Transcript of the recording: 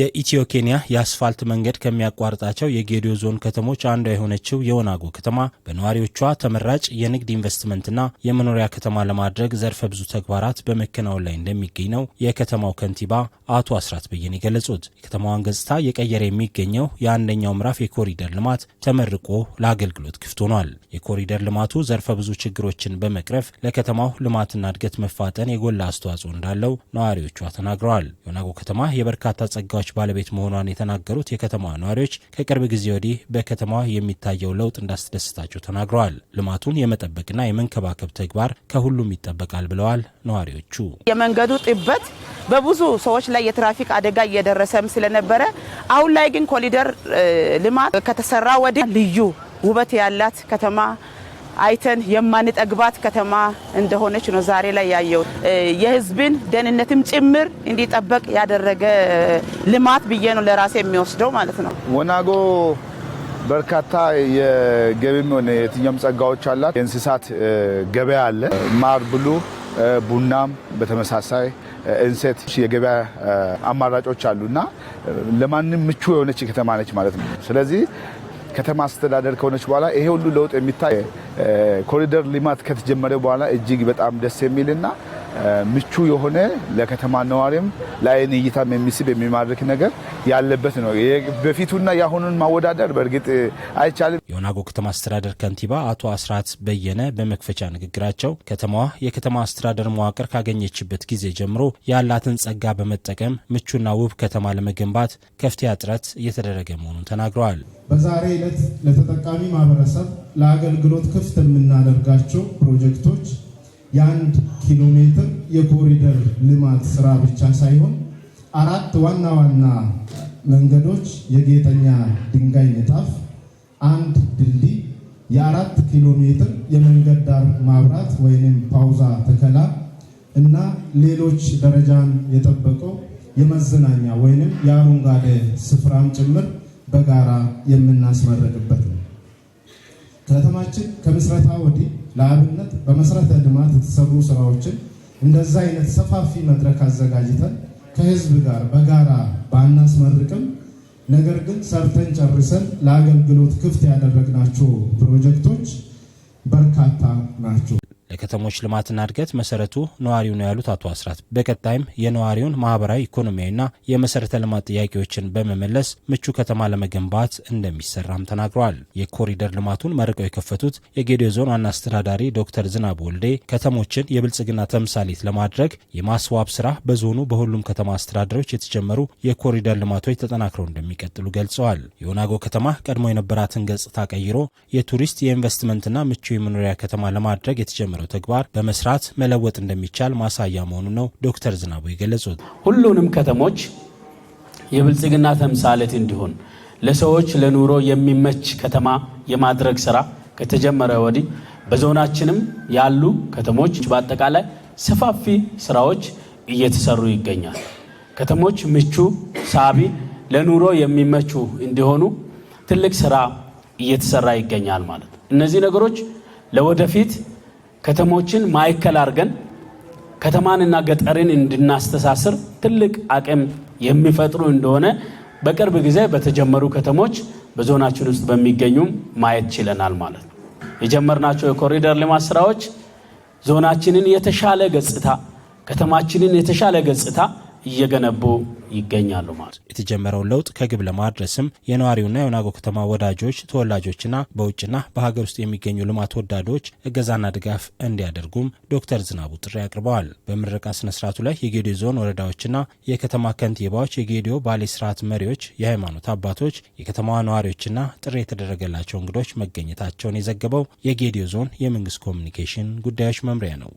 የኢትዮ ኬንያ የአስፋልት መንገድ ከሚያቋርጣቸው የጌዲዮ ዞን ከተሞች አንዷ የሆነችው የወናጎ ከተማ በነዋሪዎቿ ተመራጭ የንግድ ኢንቨስትመንትና የመኖሪያ ከተማ ለማድረግ ዘርፈ ብዙ ተግባራት በመከናወን ላይ እንደሚገኝ ነው የከተማው ከንቲባ አቶ አስራት በየነ የገለጹት። የከተማዋን ገጽታ የቀየረ የሚገኘው የአንደኛው ምዕራፍ የኮሪደር ልማት ተመርቆ ለአገልግሎት ክፍት ሆኗል። የኮሪደር ልማቱ ዘርፈ ብዙ ችግሮችን በመቅረፍ ለከተማው ልማትና እድገት መፋጠን የጎላ አስተዋጽኦ እንዳለው ነዋሪዎቿ ተናግረዋል። የወናጎ ከተማ የበርካታ ጸጋ ቦታዎች ባለቤት መሆኗን የተናገሩት የከተማዋ ነዋሪዎች ከቅርብ ጊዜ ወዲህ በከተማዋ የሚታየው ለውጥ እንዳስደስታቸው ተናግረዋል። ልማቱን የመጠበቅና የመንከባከብ ተግባር ከሁሉም ይጠበቃል ብለዋል ነዋሪዎቹ። የመንገዱ ጥበት በብዙ ሰዎች ላይ የትራፊክ አደጋ እየደረሰም ስለነበረ አሁን ላይ ግን ኮሪደር ልማት ከተሰራ ወዲህ ልዩ ውበት ያላት ከተማ አይተን የማንጠግባት ከተማ እንደሆነች ነው ዛሬ ላይ ያየው። የህዝብን ደህንነትም ጭምር እንዲጠበቅ ያደረገ ልማት ብዬ ነው ለራሴ የሚወስደው ማለት ነው። ወናጎ በርካታ የገቢም ሆነ የትኛውም ጸጋዎች አላት። የእንስሳት ገበያ አለ። ማር ብሉ፣ ቡናም በተመሳሳይ እንሰት የገበያ አማራጮች አሉና ለማንም ምቹ የሆነች ከተማ ነች ማለት ነው። ስለዚህ ከተማ አስተዳደር ከሆነች በኋላ ይሄ ሁሉ ለውጥ የሚታይ ኮሪደር ልማት ከተጀመረ በኋላ እጅግ በጣም ደስ የሚልና ምቹ የሆነ ለከተማ ነዋሪም ለአይን እይታም የሚስብ የሚማርክ ነገር ያለበት ነው። በፊቱና የአሁኑን ማወዳደር በእርግጥ አይቻልም። የወናጎ ከተማ አስተዳደር ከንቲባ አቶ አስራት በየነ በመክፈቻ ንግግራቸው ከተማዋ የከተማ አስተዳደር መዋቅር ካገኘችበት ጊዜ ጀምሮ ያላትን ጸጋ በመጠቀም ምቹና ውብ ከተማ ለመገንባት ከፍተኛ ጥረት እየተደረገ መሆኑን ተናግረዋል። በዛሬ ዕለት ለተጠቃሚ ማህበረሰብ ለአገልግሎት ክፍት የምናደርጋቸው ፕሮጀክቶች የአንድ ኪሎ ሜትር የኮሪደር ልማት ስራ ብቻ ሳይሆን አራት ዋና ዋና መንገዶች የጌጠኛ ድንጋይ ንጣፍ፣ አንድ ድልድይ፣ የአራት ኪሎ ሜትር የመንገድ ዳር ማብራት ወይም ፓውዛ ተከላ እና ሌሎች ደረጃን የጠበቀው የመዝናኛ ወይም የአረንጓዴ ስፍራም ጭምር በጋራ የምናስመረቅበት ነው። ከተማችን ከምስረታ ወዲህ ለአብነት በመሰረተ ልማት የተሰሩ ስራዎችን እንደዛ አይነት ሰፋፊ መድረክ አዘጋጅተን ከህዝብ ጋር በጋራ ባናስመርቅም ነገር ግን ሰርተን ጨርሰን ለአገልግሎት ክፍት ያደረግናቸው ፕሮጀክቶች በርካታ ናቸው። የከተሞች ልማትና እድገት መሰረቱ ነዋሪው ነው ያሉት አቶ አስራት በቀጣይም የነዋሪውን ማህበራዊ ኢኮኖሚያዊና የመሰረተ ልማት ጥያቄዎችን በመመለስ ምቹ ከተማ ለመገንባት እንደሚሰራም ተናግረዋል። የኮሪደር ልማቱን መርቀው የከፈቱት የጌዲዮ ዞን ዋና አስተዳዳሪ ዶክተር ዝናብ ወልዴ ከተሞችን የብልጽግና ተምሳሌት ለማድረግ የማስዋብ ስራ በዞኑ በሁሉም ከተማ አስተዳደሮች የተጀመሩ የኮሪደር ልማቶች ተጠናክረው እንደሚቀጥሉ ገልጸዋል። የወናጎ ከተማ ቀድሞ የነበራትን ገጽታ ቀይሮ የቱሪስት የኢንቨስትመንትና ምቹ የመኖሪያ ከተማ ለማድረግ የተጀመረው ተግባር በመስራት መለወጥ እንደሚቻል ማሳያ መሆኑ ነው ዶክተር ዝናቡ የገለጹት። ሁሉንም ከተሞች የብልጽግና ተምሳሌት እንዲሆን ለሰዎች ለኑሮ የሚመች ከተማ የማድረግ ስራ ከተጀመረ ወዲህ በዞናችንም ያሉ ከተሞች በአጠቃላይ ሰፋፊ ስራዎች እየተሰሩ ይገኛል። ከተሞች ምቹ፣ ሳቢ፣ ለኑሮ የሚመቹ እንዲሆኑ ትልቅ ስራ እየተሰራ ይገኛል ማለት ነው። እነዚህ ነገሮች ለወደፊት ከተሞችን ማዕከል አድርገን ከተማንና ገጠርን እንድናስተሳስር ትልቅ አቅም የሚፈጥሩ እንደሆነ በቅርብ ጊዜ በተጀመሩ ከተሞች በዞናችን ውስጥ በሚገኙም ማየት ችለናል ማለት ነው። የጀመርናቸው የኮሪደር ልማት ስራዎች ዞናችንን የተሻለ ገጽታ ከተማችንን የተሻለ ገጽታ እየገነቡ ይገኛሉ ማለት ነው። የተጀመረውን ለውጥ ከግብ ለማድረስም የነዋሪውና የወናጎ ከተማ ወዳጆች፣ ተወላጆችና በውጭና በሀገር ውስጥ የሚገኙ ልማት ወዳዶች እገዛና ድጋፍ እንዲያደርጉም ዶክተር ዝናቡ ጥሪ አቅርበዋል። በምረቃ ስነስርዓቱ ላይ የጌዲዮ ዞን ወረዳዎችና የከተማ ከንቲባዎች፣ የጌዲዮ ባሌ ስርዓት መሪዎች፣ የሃይማኖት አባቶች፣ የከተማዋ ነዋሪዎችና ጥሪ የተደረገላቸው እንግዶች መገኘታቸውን የዘገበው የጌዲዮ ዞን የመንግስት ኮሚኒኬሽን ጉዳዮች መምሪያ ነው።